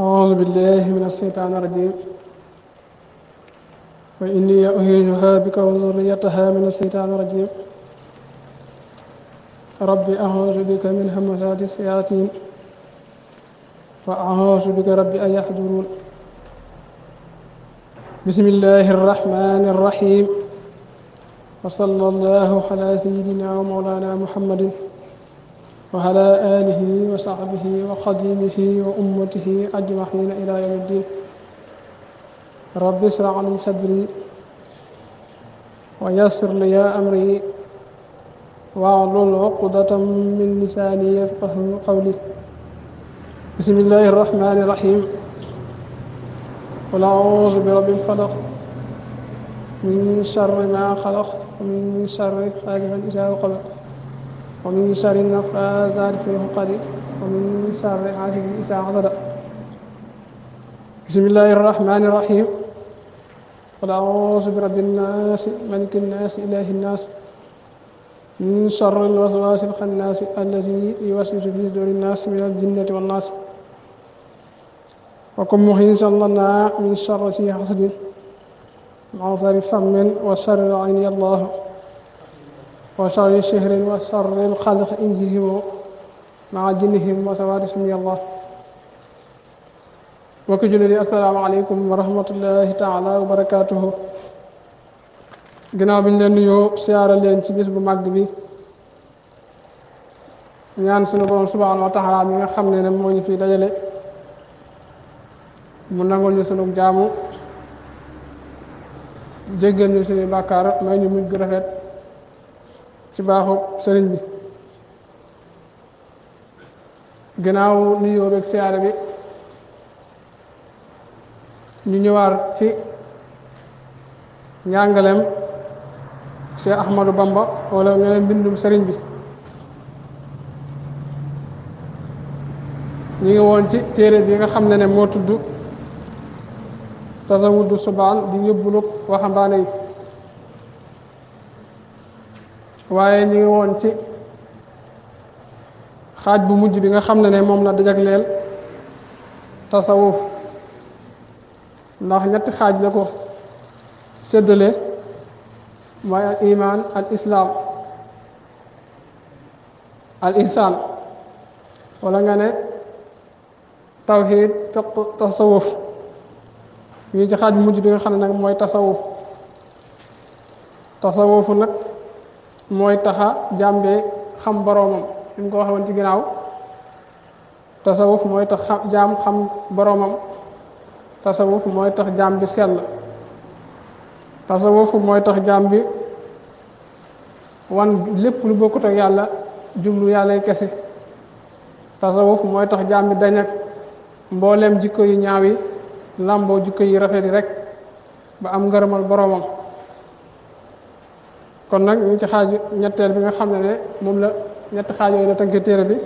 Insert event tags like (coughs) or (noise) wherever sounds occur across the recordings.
أعوذ بالله من الشيطان الرجيم وإني أعيذها بك وذريتها من الشيطان الرجيم رب أعوذ بك من همزات الشياطين فأعوذ بك رب أن يحضرون بسم الله الرحمن الرحيم وصلى الله على سيدنا ومولانا محمد وعلى آله وصحبه وخديمه وأمته أجمعين إلى يوم الدين رب اسرع لي صدري ويسر لي أمري واعلل عقدة من لساني يفقه قولي بسم الله الرحمن الرحيم قل أعوذ برب الفلق من شر ما خلق ومن شر حاسد إذا وقبل ومن شر النفاثات في العقد ومن شر حاسد إذا حسد بسم الله الرحمن الرحيم قل أعوذ برب الناس ملك الناس إله الناس من شر الوسواس الخناس الذي يوسوس في صدور الناس من الجنة والناس وكن مخيسا لنا من شر سي حسد مع صرف فم وشر عيني الله وشر الشهر وشر الخلق إنزهم مع جنهم وسواد اسم الله وكجل السلام عليكم ورحمة الله تعالى وبركاته جناب لن يو سيارة لن تبس بمكبي نيان سنبو سبحان وتعالى من خمنا نموني في دجلة من نقول نسنو جامو جيغل نسنو باكار ما نمو جرفت ci baaxu sëriñ bi gannaaw nuyoo beeg siyaare bi ñu ñëwaat ci njàngaleem Cheikh Ahmadou Bamba wala nga leen mbindum sëriñ bi ñu ngi woon ci téere bi nga xam ne ne moo tudd tasawudu subaan di yóbbulu waxambaane yi waaye ñu ngi woon ci xaaj bu mujj bi nga xam ne ne moom la dajagleel tasawuf ndax ñetti xaaj la ko séddale mooy al iman al islaam al ihsaan wala nga ne tawxid fiq tasawuf ñu ci xaaj bu mujj bi nga xam ne nag mooy tasawuf tasawufu nag mooy taxa jambi xam boromam ni ko waxoon ci ginaaw tasawuf mooy tax jam xam boromam tasawuf mooy tax jam bi sell tasawuf mooy tax jam bi wan lépp lu bokkut ak yàlla jublu yàllay kese tasawuf mooy tax jam bi dañ ak mbooleem jikko yu ñaaw yi jikko yu rafet rek ba am ngërëmal boromam kon nag ñu ngi ci xaaju ñetteel bi nga xam ne ne moom la ñetti xaaj yooyu la tënki téere bi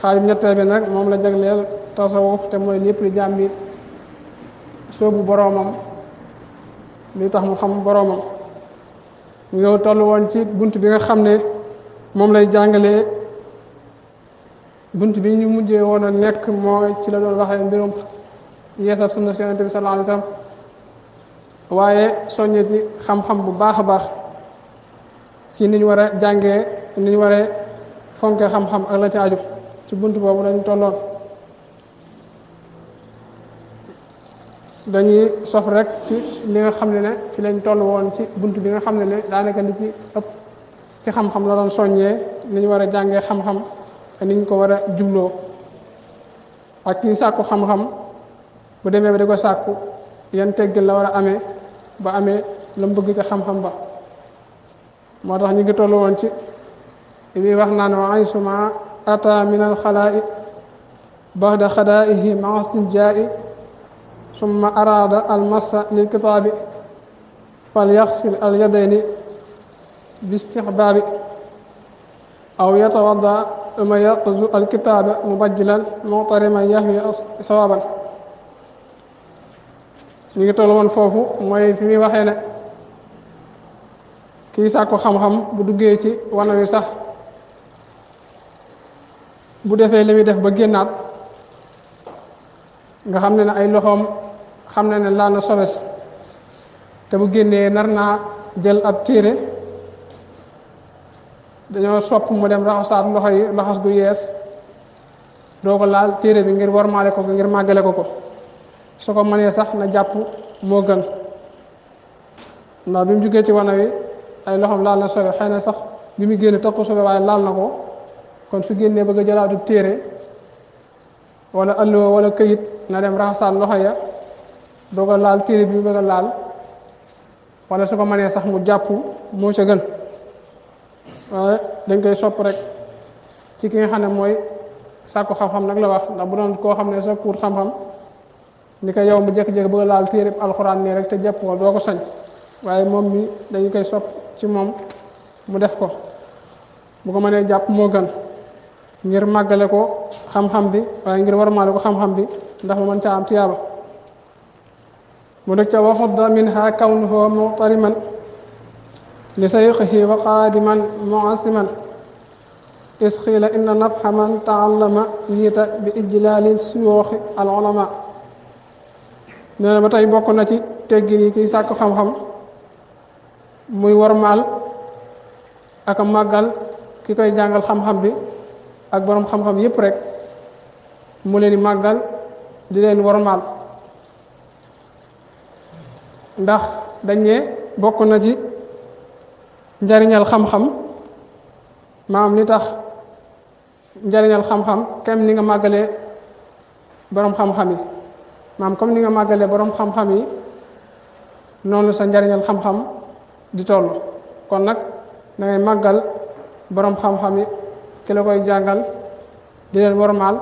xaaju ñetteel bi nag moom la jagleel tasawuf te mooy lépp li jàmm bi sóobu boroomam li tax mu xam boroomam ñu ñëw toll woon ci bunt bi nga xam ne moom lay jàngalee bunt bi ñu mujjee woon a nekk moo ci la doon waxee mbirum yeesal sunna na yonent bi sallallahu alayhi wa waaye soññe ci xam-xam bu baax a baax ci niñ war a jàngee niñ war a fonkee xam-xam ak la ci aju ci bunt boobu dañ tolloon dañuy sof rek ci li nga xam ne ne fi lañ toll woon ci bunt bi nga xam ne ne daanaka nit ñi ëpp ci xam-xam la doon soññee niñ war a jàngee xam-xam ak niñ ko war a jubloo ak kii sàkku xam-xam bu demee ba di ko sàkku yan teggin la war a amee ba amé lam bëgg ci xam-xam ba mo tax ñi ngi tollu won ci ibi wax naan wa suma ata min al khala'i ba'da khada'ihi maa ja'i summa arada al lil fal araada almassa lilkitaabi falyaxsil alyadayni باستحباب أو يتوضأ ثم يقز الكتاب مبجلا مغترما يهوي صوابا ñu ngi toll woon foofu mooy fi muy waxee ne kii sàkku xam-xam bu duggee ci wana wi sax bu defee li muy def ba génnaat nga xam ne ne ay loxoom xam ne ne laa na sobes te bu génnee nar naa jël ab téere dañoo sopp mu dem raxasaat loxo yi laxas gu yees doo ko laal téere bi ngir war warmaale ko ngir màggale ko ko su ko mënee sax na jàpp moo gën ndax bi mu jugee ci wana wi ay loxoom laal na sobe xëy na sax bi mu génne takku sobe waaye laal na ko kon su génnee bëgg a jëlaatu téere wala alluwa wala këyit na dem raxasaat loxo ya doog laal téere bi mu bëgg laal walla su ko mënee sax mu jàpp moo ca gën waaye dañ koy sopp rek ci ki nga xam ne mooy sàkku xam-xam nag la wax ndax bu doon koo xam ne sa kuur xam-xam ni ko yow mu jek jek bëgg laal téréb alxuraan nii rek te jàpp ko doko sañ waye mom mi dañ koy sopp ci mom mu def ko bu ko mëne jàpp mo gën ngir magalé ko xam-xam bi waye ngir warmaale ko xam-xam bi ndax mo man caa am tiyaba mu dëkk ca waxudda minha kawnuhu muqtariman li sayqihi wa qadiman muasiman إسخيل إن نفح من تعلم niita بإجلال ijlaali العلماء neena na ba tey bokk na ci teggini yi kiy sàkk xam-xam muy warmaal ak màggal ki koy jàngal xam-xam bi ak borom xam-xam yépp rek mu leen di màggal di leen warmaal ndax dañ ne bokk na ci njariñal xam-xam maam li tax njariñal xam-xam kem ni nga màggalee borom xam-xam maam comme ni nga màggalee borom xam-xam yi noonu sa njariñal xam-xam di toll kon nag da màggal boroom xam-xam yi ki la koy jàngal di leen wormaal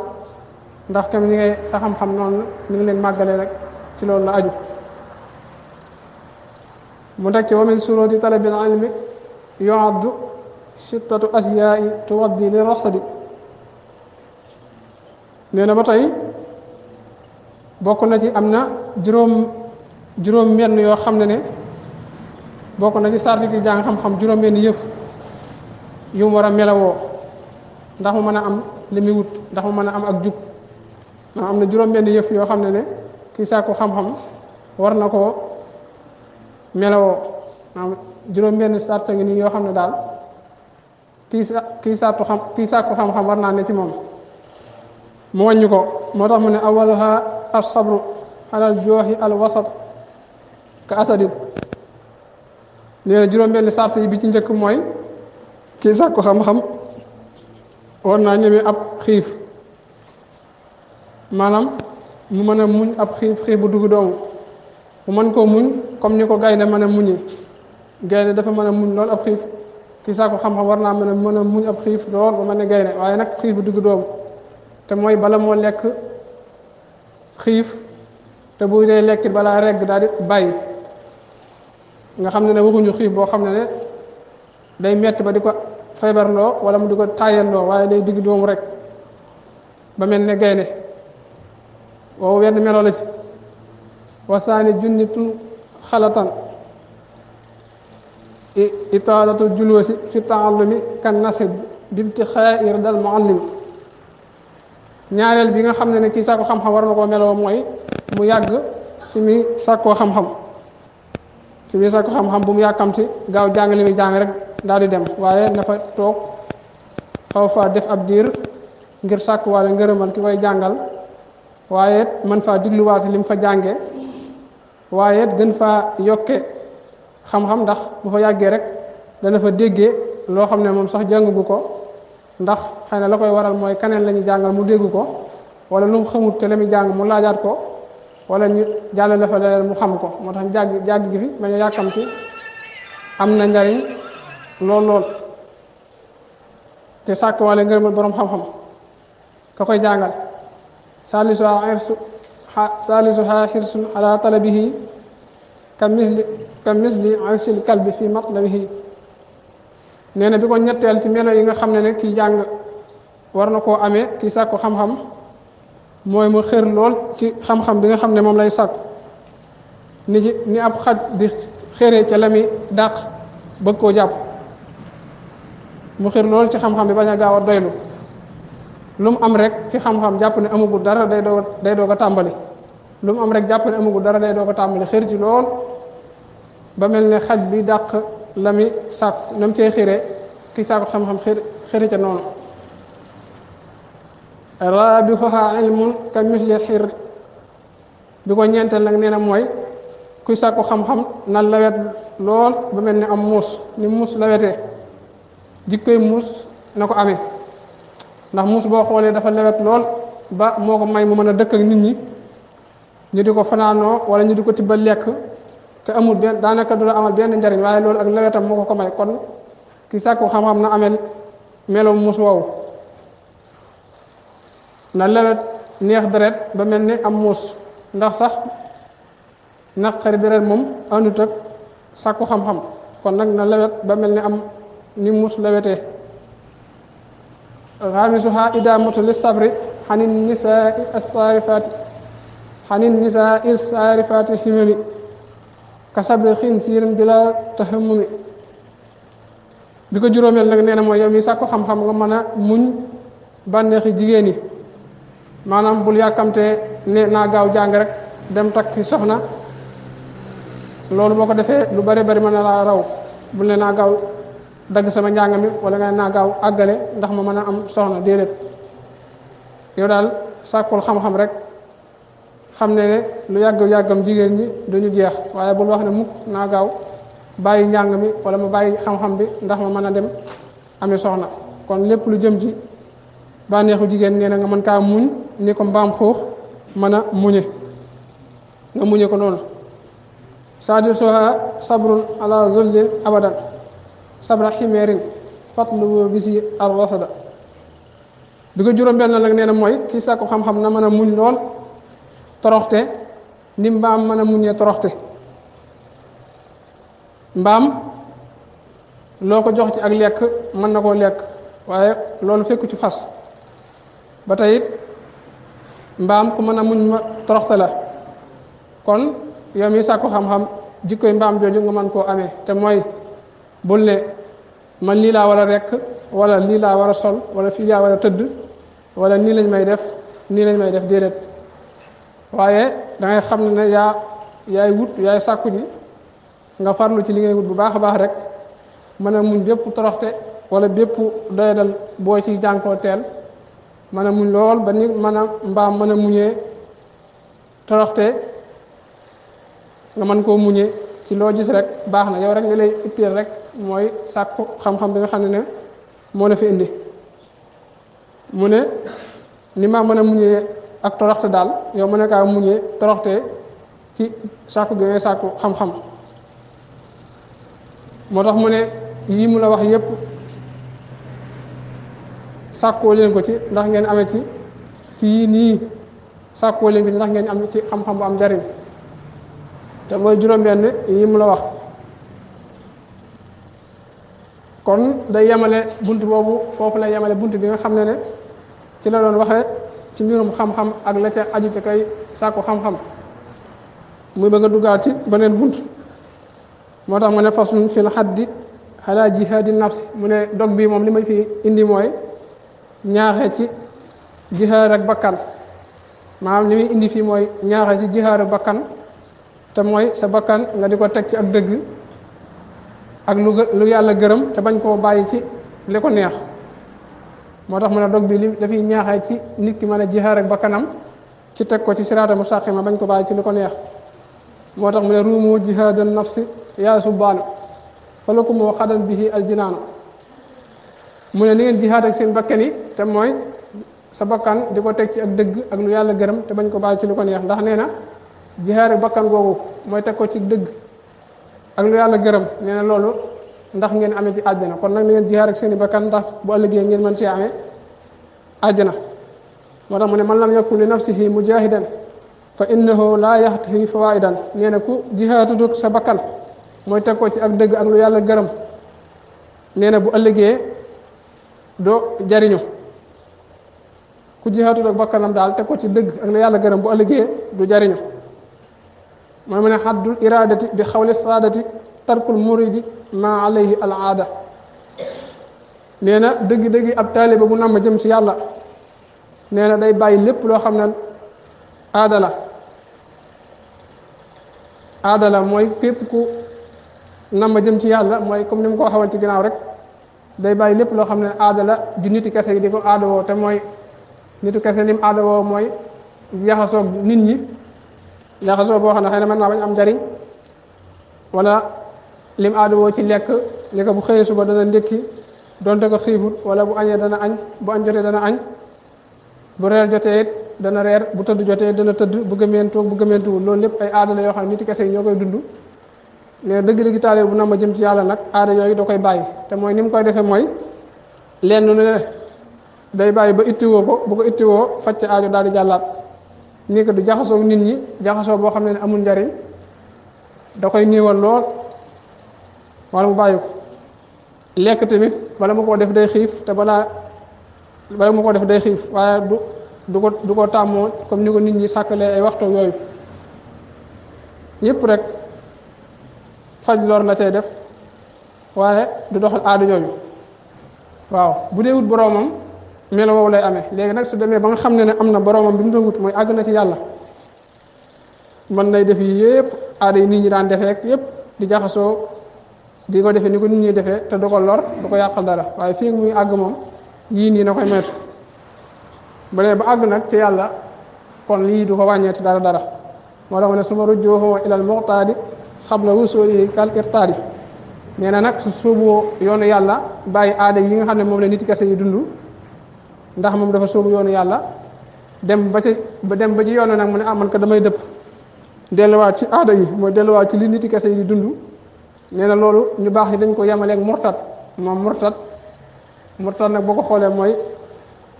ndax kam ñi ngay sa xam-xam noonu ni ngi leen màggale rek ci loolu la aju mu teg ci wa min suruti talabil ilmi yuaddu sittatu asyaai tuwaddi li rasadi nee na ba tey bokk na ci am na juróom juróom benn yoo xam ne ne bokk na ci sarti ki jàng xam-xam juróom benn yëf yu mu war a melawoo ndax mu mën a am li muy wut ndax mu mën a am ak jub maa am na juróom benn yëf yoo xam ne ne kii sàkku xam war na koo melawoo maanaam juróom benn yoo xam ne daal kii sa kii sàttu xam kii xam-xam war naa ne ci moom mu wàññi ko moo tax mu ne awaluha الصبر على الجوه الوسط كأسد نيو جيروم بن سارت بي تي نك موي كي زاكو خام خام ورنا نيمي اب خيف مانام مو مانا موني اب خيف خيف بو دوغ دوم مو مان كو موني كوم نيكو غاي نه مانا موني غاي نه دا فا مانا موني لول اب خيف كي زاكو خام خام ورنا مانا مانا موني اب خيف لول بو مانا غاي نه واي نك خيف بو دوغ دوم تا موي بالا مو ليك xiif te bu dee lekk balaa regg daal di bàyyi nga xam ne ne waxuñu xiif boo xam ne ne day metti ba di ko feebarloo wala mu di ko taayalloo waaye day digg doomu rek ba mel ne gaynde woowu wenn meloo la si wasaani junnitun xalatan itaalatu julusi fi taallumi ci nasib bimtixaa irdal muallim ñaarel bi nga xamne ne ci sako xam-xam war na koo meloo mu yagg ci mi sako xam-xam ci mi sako xam-xam bu mu yàkkamti gaaw jàng li mi jàng rek daal di dem waye na fa xaw fa def ab dir ngir sako wala ngeureumal ki way jangal waye man fa diglu wat lim fa jànge waye gën fa yokke xam-xam ndax bu fa yagge rek dana fa déggé lo xam ne sax jangugo ko ndax xëy na la koy waral mooy keneen la ñu jàngal mu dégg ko wala lu mu xamut te la muy jàng mu laajaat ko wala ñu jàllale fa leneen mu xam ko moo tax jàgg jàgg gi fi bañ a ci am na njariñ lool lool te sàkk wala ngërëmal borom xam-xam ka koy jàngal salisuha xirsu salisuha xirsun ala talabihi ka misli ka misli ansil kalbi fi matlabihi nee na bi ko ñetteel ci melo yi nga xam ne ne kii jàng war na koo amee kii sàkku xam-xam mooy mu xër lool ci xam-xam bi nga xam ne moom lay sàkku ni ci ni xaj di xëree ca la dàq bëgg koo jàpp mu xër lool ci xam bi bañ a gaaw a doylu lu mu am rek ci xam-xam jàpp ne amagul dara day doo day doog a tàmbali lu mu am rek jàpp ne amagul dara day doog a tàmbali xër ci lool ba mel ne xaj bi dàq lami mi sàkku na mu cay saaku ki sàkku xam-xam xir xiri ca noonu raabixuha ilmun ka misli xir bi ko ñeenteel nag nee na mooy kuy sàkku xam-xam na lawet lool ba mel ni am muus ni muus lawetee jikkoy muus na ko amee ndax muus boo xoolee dafa lewet lool ba moo ko may mu mën a dëkk ak nit ñi ñu di ko fanaanoo wala ñu di ko tibbal lekk te amul benn daanaka du la amal ben njariñ waye lolou ak lewetam moko ko may kon ki sàkku xam-xam na amel melo musu waw na lewet neex deret ba melni am mus ndax sax naqari deret mom àndut ak sàkku xam-xam kon nak na lewet ba mel ni am ni muus lawetee xaamisuha idaamatu li sabri hanin nisaa as-sarifat hanin nisaa as-sarifat himmi kasabre xinsiirin sirin bila taxamumi diko ko juróomeel nag nee na mooy yow xam-xam nga mana muñ banexi jigeni manam bul yakamte ne na gaw jang rek dem tak ci soxna lolou boko defé lu bare bari man na raw bul ne na gaw dag sama jangami wala nga na gaw gaaw ndax ma mana am soxna dedet yow dal sakul xam-xam rek xam ne ne lu yàgg yàggam jigéen ñi duñu jeex waaye bul wax na mukk naa gaaw bàyyi njàng mi wala mu bàyyi xam-xam bi ndax ma mën a dem ami soxna kon lépp lu jëm ci bànneexu jigéen nee na nga mën kaa muñ ni ko mbaam xuux mën a muñe nga muñe ko noonu saadi soha sabrun ala zullin abadan sabra ximeerin fatlu bisi ar rasada bi ko juróom benn nag nee na mooy kii sàkku xam-xam na mën a muñ lool toroxte ni mbaam mën a muñee toroxte mbaam loo ko jox ci ak lekk mën na koo lekk waaye loolu fekku ci fas ba tey it mbaam ku mën a muñ ma toroxte la kon yow mi sàkku xam-xam jikkoy mbaam jooju nga mën koo amee te mooy bul ne man lii laa war a rekk wala lii laa war a sol wala fii laa war a tëdd wala nii lañ may def nii lañ may def déedéet waaye da ngay xam ne yaa yaay wut yaay sàkku ji nga farlu ci li ngay wut bu baax a baax rek mën a muñ bépp toroxte wala bépp doyadal boo ci jànkoo teel mën a muñ lool ba ni mën a mbaam mën a muñee toroxte nga mën koo muñee ci loo gis rek baax na yow rek nga lay itteel rek mooy sàkku xam-xam bi xam ne ne moo la fi indi mu ne ni ma mën a muñee ak toroxte daal yow mën na kaa ah muñee toroxte ci sàkku gi ngay sàkku xam-xam moo tax mu ne yii mu la wax yépp sàkkoo leen ko ci ndax ngeen ame ci ci yii nii sàkkoo leen ko ci ndax ngeen am ci xam-xam bu am jariñ te mooy juróom-benn yii mu la wax kon day yemale bunt boobu foofu lay yamale bunt bi nga xam ne ne ci la doon waxee ci mbirum xam-xam ak la ca aju ca kay sàkku xam-xam muy bëgg a dugaat ci beneen bunt moo tax ne fasun fil xaddi xalaa jihaadi nafsi mu ne dog bi moom li fi indi mooy ñaaxe ci jihaar ak bakkan maanaam li muy indi fii mooy ñaaxe ci jihaar ak bakkan te mooy sa bakkan nga di ko teg ci ak dëgg ak lu lu yàlla gërëm te bañ koo bàyyi ci li ko neex moo tax mu ne dog bi li dafiy ñaaxee ci nit ki mën a jihaar ak bakkanam ci teg ko ci siraata ma bañ ko bàyyi ci lu ko neex moo tax mu ne ruumu jihaadal nafsi yaa subbaanu falakumoo xadan bihi aljinaanu mu ne ni ngeen jihaad ak seen bakkan yi te mooy sa bakkan di ko teg ci ak dëgg ak lu yàlla gërëm te bañ ko bàyyi ci lu ko neex ndax nee na jihaar ak bakkan googu mooy teg ko ci dëgg ak lu yàlla gërëm nee loolu ndax ngeen amee ci àjjana kon nag na ngeen jihaar ak seen i bakkan ndax bu ëllëgee ngeen mën cee amee àjjana moo tax mu ne man lam yakun li nafsihi mujahidan fa innahu laa yaxtahi fawaidan nee na ku jihaatudug sa bakkan mooy teg ko ci ak dëgg ak lu yàlla garam nee bu ëllëgee doo jariñu ku jihaatudug bakkanam daal teg ko ci dëgg ak lu yàlla gërëm bu du jariñu mooy mu ne xaddul iradati bi xawli saadati tarkul muridi ma alayhi al aada nee na dëgg-dëgg ab taaliba bu nam ma jëm ci yàlla nee na day bàyyi lépp loo xam ne aadala la mooy képp ku nam jëm ci yàlla mooy comme ni ko waxawoon ci ginnaaw rek day bàyyi lépp loo xam ne aada la ju niti kese yi di ko aada woo te mooy nitu kese nim aada woo mooy jaxasoo nit ñi jaxasoo boo xam ne xëy na mën naa bañ am njariñ wala lim aada woo ci ne ko bu xëyee suba dana ndékki donte ko xibul wala bu añee dana añ bu añ jote dana añ bu reer jote it dana reer bu tëdd jote dana tëdd bu gementu bu gementu tuwul loolu lépp ay aada la yoo xam ne nit kese ñoo koy dund mais dëgg taale bu nama jëm ci yalla nak aada yoy da koy bayyi te moy nim koy defé moy lenn lu ne day bayyi ba itti wo ko bu ko itti wo facc aajo daal di jallat nii ko du jaxaso nit ñi jaxaso bo xamne amul ndariñ da koy niwal lool wala mu bàyyi ko lekk tamit bala mu koo def day xiif te balaa bala mu ko def day xiif waaye du du ko du ko tàmmoo comme ni ko nit ñi sàkkalee ay waxtu yooyu yëpp rek faj lor la tey def waaye du doxal aada yooyu waaw bu dee wut boroomam melo woowu lay amee léegi nag su demee ba nga xam ne ne am na boroomam bi mu doon wut mooy àgg na ci yàlla mën nay def yii yëpp aada yi nit ñi daan defee ak yëpp di jaxasoo di ko defee ni ko nit ñi defee te du ko lor du ko yàqal dara waaye fii muy àgg moom yii nii na koy moytu bu dee ba àgg nag ci yàlla kon lii du ko wàññeeti dara dara moo tax ma ne su ma rujjoo ilal muqtaadi xabla wusuuli kal irtaadi nee na nag su sóoboo yoonu yàlla bàyyi aada yi nga xam ne moom la nit kese yi dundu ndax moom dafa sóobu yoonu yàlla dem ba ci dem ba ci yoonu nag mu ne ah man ko damay dëpp delluwaat ci aada yi mooy delluwaat ci li nit kese yi dund nee na loolu ñu baax ñi dañ ko yemaleeg murtad moom murtad murtad nag boo ko xoolee mooy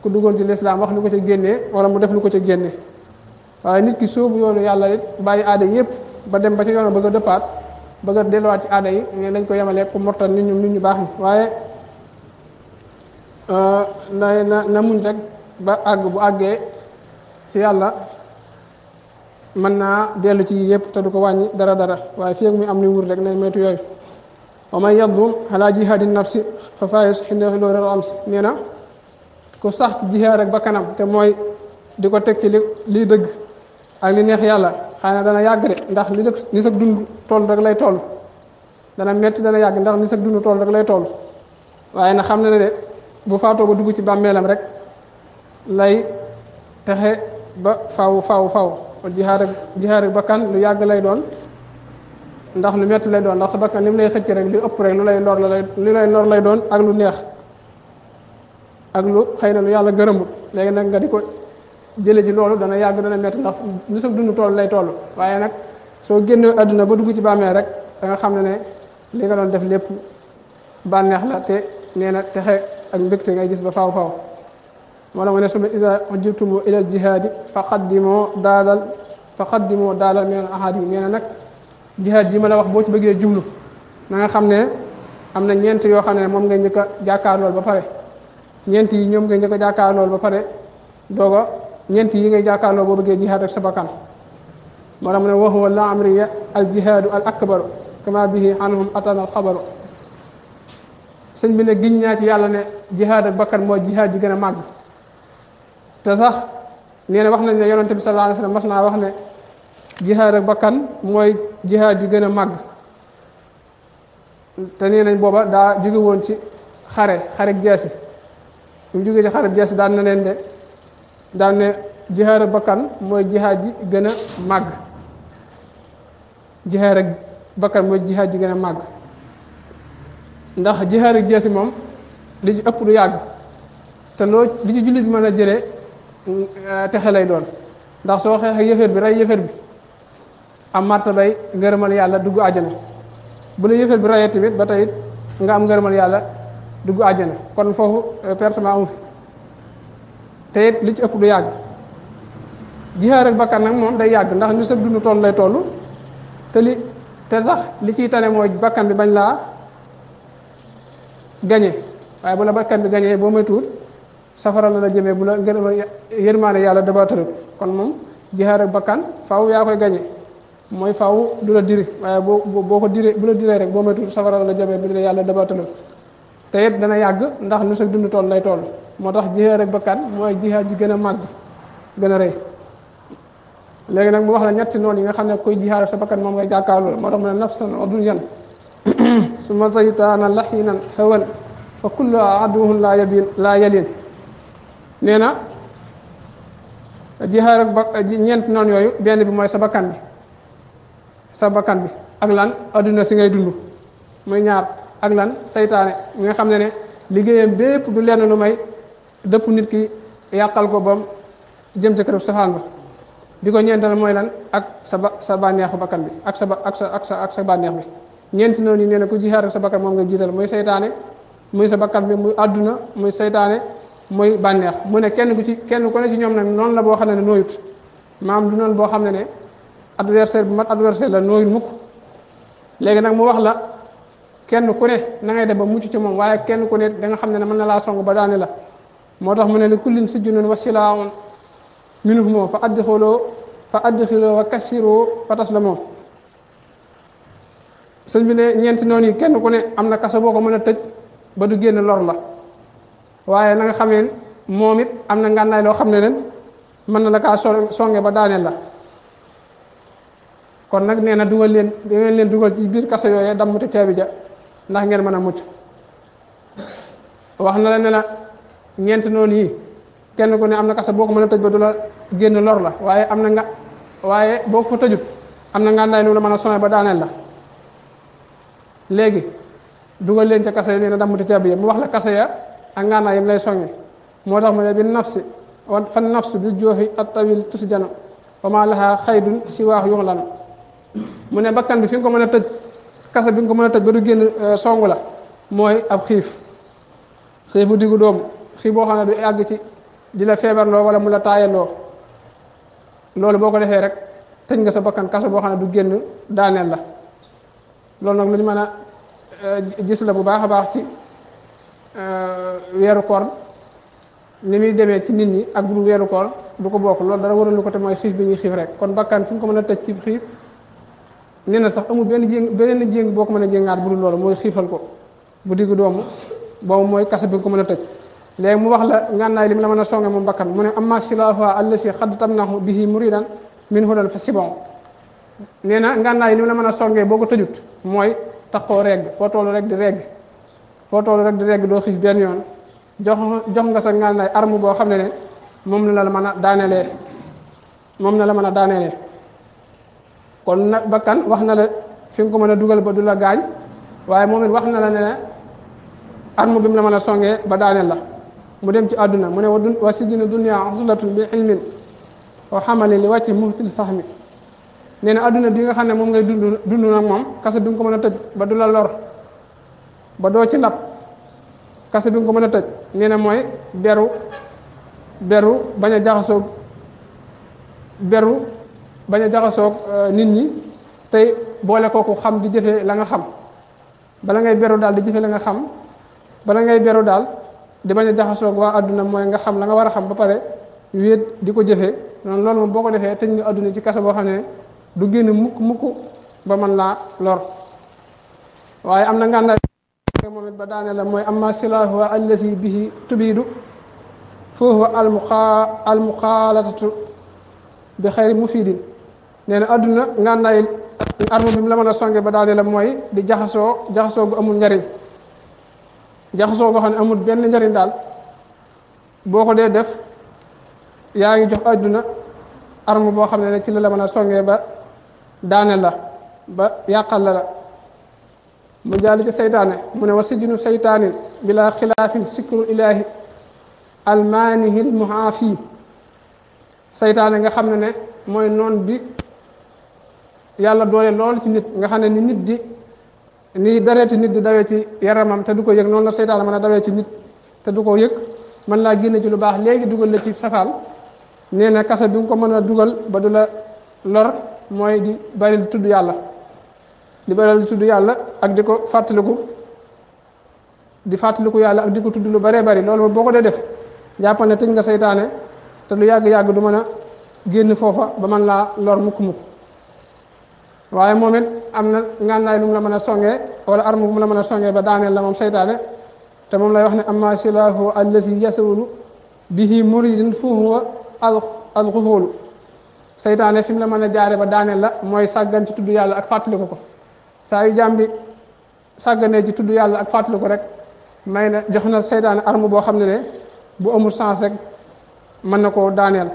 ku duggoon ci lislaam wax lu ko ci génnee wala mu def lu ko ca génne waaye nit ki sóobu yoonu yàlla bàyyi aada yépp ba dem ba ci yoonu bëgg a dëppaat bëgg delluwaat ci aada yi ne dañ ko yemaleeg ku murtad nit ñu nit ñu baax ñi waaye euh, na na na muñ rek ba àgg bu àggee ci yàlla mën naa dellu ci yëpp te du ko wàññi dara dara waaye fii muy am lu wur rek nay meetu yooyu wa man yadum ala jihaadi nafsi fa fayus xindeex loolu si nee na ku sax ci jihaad rek ba kanam te mooy di ko teg ci li lii dëgg ak li neex yàlla xëy na dana yàgg ndax li dëkk li sa dund toll rek lay toll dana metti dana yàgg ndax li sa dund tool rek lay toll waaye na xam na de bu faatoo ba dugg ci bàmmeelam rek lay texe ba faw faw faw jihaad ak jihaad ak bakkan lu yàgg lay doon ndax lu metti lay doon ndax sa bakkan li mu lay xëcc rek li ëpp rek lu lay lor lay lu lay lor lay doon ak lu neex ak lu xëy na lu yàlla gërëmu léegi nag nga di ko jële ji loolu dana yàgg dana metti ndax lu sa dund toll lay toll waaye nag soo génnee àdduna ba dugg ci bàmmeel rek da xam ne ne li nga doon def lépp bànneex la te nee na texe ak mbégte ngay gis ba faaw faaw wala ma ne suma isa ujibtumu ilal jihaadi fa qaddimoo daalal fa qaddimoo daalal min al ahadi nee na nag jihaad ji ma la wax boo ci bëggee jublu na nga xam ne am na ñeent yoo xam ne moom nga njëkk a lool ba pare ñeent yi ñoom nga njëkk a jàkkaar lool ba pare dooga ñeent yi ngay jàkkaar lool boo bëggee jihaad rek sa bakkan moo tax mu ne wa huwa la amriya al jihaadu al akbaru kama bihi anhum atana al xabaru sëñ bi ne giñ naa yàlla ne jihaad ak bakkan mooy ji gën a màgg te sax nee na wax nañ ne yonente bi sallallahu alayhi wasallam mas naa wax ne jihaad ak bakkan mooy jihaad ji gën a màgg te nee booba daa jóge woon ci xare xare jeesi mu jóge ci xare jeesi daan na leen de daan ne ak bakkan mooy jihaad ji gën a màgg jihaad ak bakkan mooy ji gën a màgg ndax jihaad ak jeesi moom li ci ëpp du yàgg te loo li ci jullit bi mën a jëlee Eh, texe lay doon ndax soo xeexee yëfër bi rey yëfër bi am martabay ngërëmal yàlla dugg àjjana bu la yëfër bi reyee tamit ba tey nga am ngërëmal yàlla dugg àjjana kon foofu eh, pertement amu fi te it li ci ëpp du yàgg jihaar ak bakkan nag moom day yàgg ndax ñu sa dund toll lay toll te li te sax li ciy tane mooy bakkan bi bañ laa gañe waaye bu la bakkan bi gañee boo may tuut safara la la jëmee bu la ngërëma yërmaane yàlla dabaatalu kon moom jihaar ak bakkan faaw yaa koy gañe mooy faw du la diri waaye boo boo ko diree bu la diree rek boo moytu safara la la jëmee bu la yàlla dabaatalu te it dana yàgg ndax lu sa dund tool lay tool moo tax jihaar ak bakkan mooy jihaar ji gën a mag gën a rëy léegi nag mu wax la ñetti noon yi nga xam ne koy jihaar ak sa bakkan moom ngay jàkkaarloo moo tax mu ne nafsan wa dunyan (coughs) su ma saytaana laxinan xewan fa kullu nee jihar ak ba ñeent noonu yooyu benn bi mooy sabakan bi sabakan bi ak lan aduna si ngay dund muy ñaar ak lan saytaane mi nga xam ne ne liggéeyam bépp du lenn lu may dëpp nit ki yàqal ko bam jëm ci kërëb safaan ba bi ko ñeental mooy lan ak sa ba sa bànneexu bakkan bi ak sa ak sa ak sa ak sa bànneex bi ñeent noonu nee na ku jihaar ak sa bakkan moom nga jiital muy saytaane muy sa bakkan bi muy àdduna muy saytaane moy banex mu ne kenn gu ci kenn ko ne ci ñom nak non la bo xamne noyut maam du non bo xamne ne adversaire bu mat adversaire la noyul mukk legi nak mu wax la kenn ku ne na ngay def ba mucc ci mom waye kenn ku ne da nga xamne man la mën song ba daane la motax mu ne li kullin sujunun wasilaun minhum fa adkhulu fa adkhulu wa kasiru fa taslamu sëñ bi ne ñent noni kenn ku ne amna kasso boko boo tejj ba du génn lor la waaye na nga xamee moom it am na ngànnaay loo xam ne leen na la kaa songe ba daaneel la kon nag nee na dugal leen dangeen leen dugal ci biir kaso yooyee dammute caabi ja ndax ngeen mën a mucc wax na la ne la ñeent noonu yi kenn ko ne am na kaso boo ko mën a tëj ba du la génn lor la waaye am na nga waaye boo ko tëjut am na ngànnaay lu la mën a songe ba daaneel la léegi dugal leen ca kaso ya nee na dammute caabi ja mu wax la kaso ya ak ngànnaay yim lay soññe moo tax mu ne bi nafsi wa fan nafsu bi jooxi at tawil tusjana wa ma laha xaydun si waax yu lan mu ne bakkan bi fi nga ko mën a tëj kasa bi nga ko mën a tëj ba du génn euh, songu la mooy ab xiif xiif bu diggu doomu xiif boo xam ne du àgg ci di la feebarloo wala mu la taayaloo loolu boo ko defee rek tëj nga sa bakkan kasa boo xam ne du génn daaneel la loolu nag lu ñu mën a euh, gis la bu baax a baax ci Euh, weeru koor ni muy demee ci nit ñi ak bu weeru koor du ko bokk loolu dara waralu ko te mooy xiif bi ñuy xiif rek kon bakkan fu ñu mën a tëj ci xiif nee na sax amul benn jéng beneen jéng boo ko mën a jéngaat bu dul loolu mooy xiifal ko bu diggu doomu boobu mooy kasa bi nga ko mën a tëj léegi mu wax la ngànnaay li mu la mën a songe moom bakkan mu ne amma silaahuha allasi xadd tamnahu bihi muridan min hudan fa sibon nee na ngànnaay li mu la mën a songee boo ko tëjut mooy taxoo regg foo toolu rek di regg foo toll rek di regg doo xiif benn yoon jox jox nga sa ngànnaay arme boo xam ne ne moom la la mën a daaneele moom na la mën a daanelee kon nag bakkan wax na la fi nga ko mën a dugal ba du la gaañ waaye moom it wax na la ne arme bi mu la mën a songee ba daaneel la mu dem ci àdduna mu ne wa wa sijinu dunia xuslatun bi ilmin wa xamali li wàcc muftil fahmi nee na bi nga xam ne moom ngay dund dund nag moom kasa bi nga ko mën a tëj ba du la lor ba doo ci lab kaso bi nga ko mën a tëj nee na mooy beru beru bañ a jaxasoog beru bañ a jaxasoog euh, nit ñi tey boole kooku xam di jëfe la nga xam bala ngay beru daal di jëfe la nga xam bala ngay beru daal di bañ a jaxasoog waa àdduna mooy nga xam la nga war a xam ba pare wéet di ko jëfe noonu loolu moom boo ko defee tëj nga àdduna ci kaso boo xam ne du génn mukk mukk ba mën laa lor waaye am na ngànnaay ca moom ba daane la mooy amma silaahu allazi bihi tubiidu fa huwa almuqa almuqaalatatu bi xayri mufiidin nee na àdduna ngànnaay arme bi mu la mën a songe ba daane la mooy di jaxasoo jaxasoo gu amul njariñ jaxasoo goo xam ne amul benn njariñ daal boo ko dee def yaa ngi jox àdduna arme boo xam ne ne ci la la mën a songee ba daane la ba yàqal la mu jàll ci saytaane mu ne wa sijnu saytaanin bila xilaafin sikru ilaahi almaanihil muhaafi seytaane nga xam ne ne mooy noon bi yàlla doole lool ci nit nga xam ne ni nit di ni dareeti nit di dawee ci yaramam te du ko yëg noonu la saytaane mën a dawee ci nit te du ko yëg mën laa génne ci lu baax léegi dugal la ci safaan nee na kasa bi nga ko mën a dugal ba du la lor mooy di bari tudd yàlla li baral di tudd yàlla ak di ko fàttaliku di fàttaliku yàlla ak di ko tudd lu baree bari loolu boo ko dee def jàppal na tëj nga seytaane te lu yàgg-yàgg du mën a génn foofa ba man laa lor mukk-mukk waaye moom it am na ngànnaay lu mu la mën a songee wala arme bu mu la mën a songee ba daaneel la moom seytaane te moom lay wax ne amma silaahu allazi yasawulu bihi muridin fa huwa al alxufuulu seytaane fi mu la mën a jaare ba daaneel la mooy sàggan ci yàlla ak fàttaliku ko saa yu jàmm bi sàgganee ci tudd yàlla ak fàttaliku rek may na jox na seytaane arme boo xam ne ne bu amul sens rek mën na koo daaneel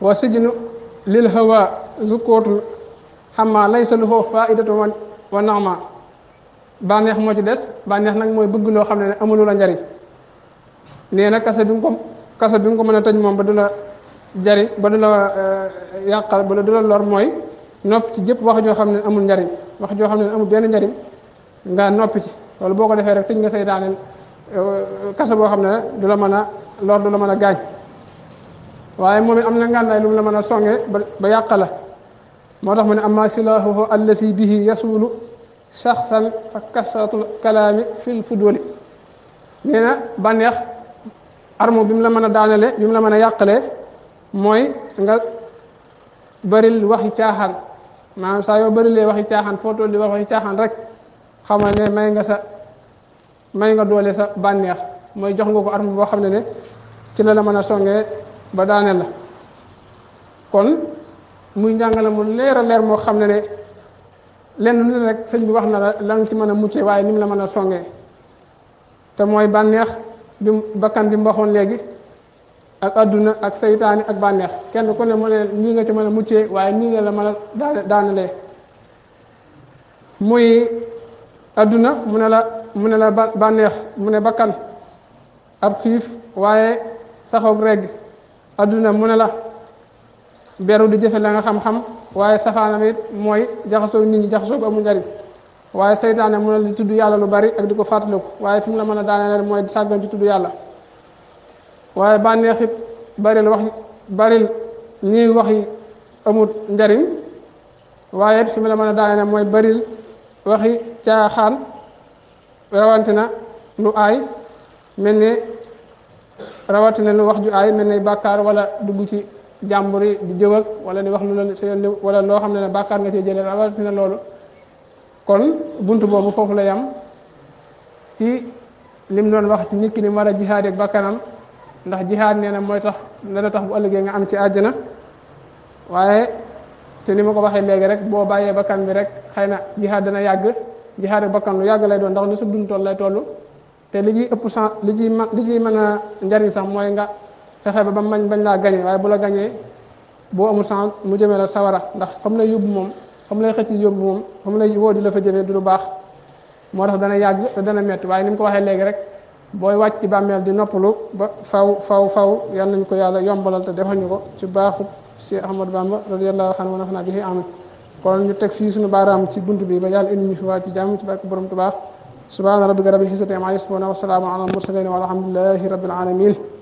wa sijnu lil hawa zukkootul xamma laysa lahu faidatu wa naxma bànneex moo ci des bànneex nag mooy bëgg loo xam ne ne amulu la njariñ nee na bi nga ko kase bi nga ko mën a tëj moom ba du la jariñ ba du la eh, yàqal ba du la lor mooy nopp ci jëpp wax joo xam ne amul njariñ wax joo xam ne amul benn njariñ nga noppi ci loolu boo ko defee rek tëj nga say eh, kasa boo xam ne du la mën a lor du la mën a gaañ waaye am lu la mën a songe ba yàq la moo tax mu ne amma silahuhu allasi bihi yasulu kalami fa kalaami fil fuduli nee na bànneex arme bi mu la mën a daanale la mën a Moy, nga beril waxi caaxaan sa yo yoo le waxi tiaxan fo toll waxi tiaxan rek xamal ne may nga sa may nga dole sa banex Moy jox nga ko arme bo xamne ne ci la la meuna songé ba la kon muy jangala mu leer a leer moo xam ne ne lenn lu rek señ bi wax na la ci meuna a waye nim la meuna songé te moy banex bi bakkan bi mbaxon ak adduna ak saytaani ak bànneex kenn ku ne mu ne nii nga ci mën a muccee waaye nii ne la mën a daane muy adduna mu ne la mu ne la bànneex mu ne bakkan ab xiif waaye saxoog regg adduna mu ne la beru di jëfe la nga xam-xam waaye safaanam it mooy jaxasoo nit ñi jaxasoo ko amul njariñ waaye saytaane mu ne la di tudd yàlla lu bari ak di ko fàttaliku waaye fi mu la mën a daaneel mooy sàggan di tudd yàlla waaye bànneexi baril wax baril ñuy wax yi amul njariñ waaye fi mu la mën a daane mooy baril waxi caaxaan rawatina lu aay mel ne rawatina lu wax ju aay mel ne bàkkaar wala dugg ci jàmbur yi di jëwag wala di wax lu la sa yoon wala loo xam ne ne bàkkaar nga cee jëlee rawatina loolu kon bunt boobu foofu la yam ci lim doon wax ci nit ki ni war a jihaad ak bakkanam ndax jihaad nee na mooy tax dana tax bu ëllëgee nga am ci àjjana waaye te ni ma ko waxee léegi rek boo bàyyee bakkan bi rek xëy na jihaad dana yàgg jihaad ak bakkan lu yàgg lay doon ndax ni su dund toll lay tollu te li ciy ëpp san li ciy man li ciy mën a njariñ sax mooy nga fexe ba ba mañ bañ laa gañee waaye bu la gañee boo amul san mu jëmee la sawara ndax xam lay yóbbu moom fam lay xëcc yóbbu moom fam lay woo di la fa jëmee du lu baax moo tax dana yàgg te dana metti waaye ni mu ko waxee léegi booy wàcc ci bàmmeel di noppalu ba faw faw faw yal nañ ko yàlla yombalal te defal ñu ko ci baaxu Cheikh Ahmad Bamba radiyallahu anhu wa nafana bihi amin kon ñu teg fii suñu baaraam ci bunt bi ba yàlla indi ñu fi waa ci jàmm ci barke borom Tuubaa subhaana rabbika rabbil izzati ammaa yasifuun wa salaamun alal mursaliin walhamdulillahi rabbil aalamiin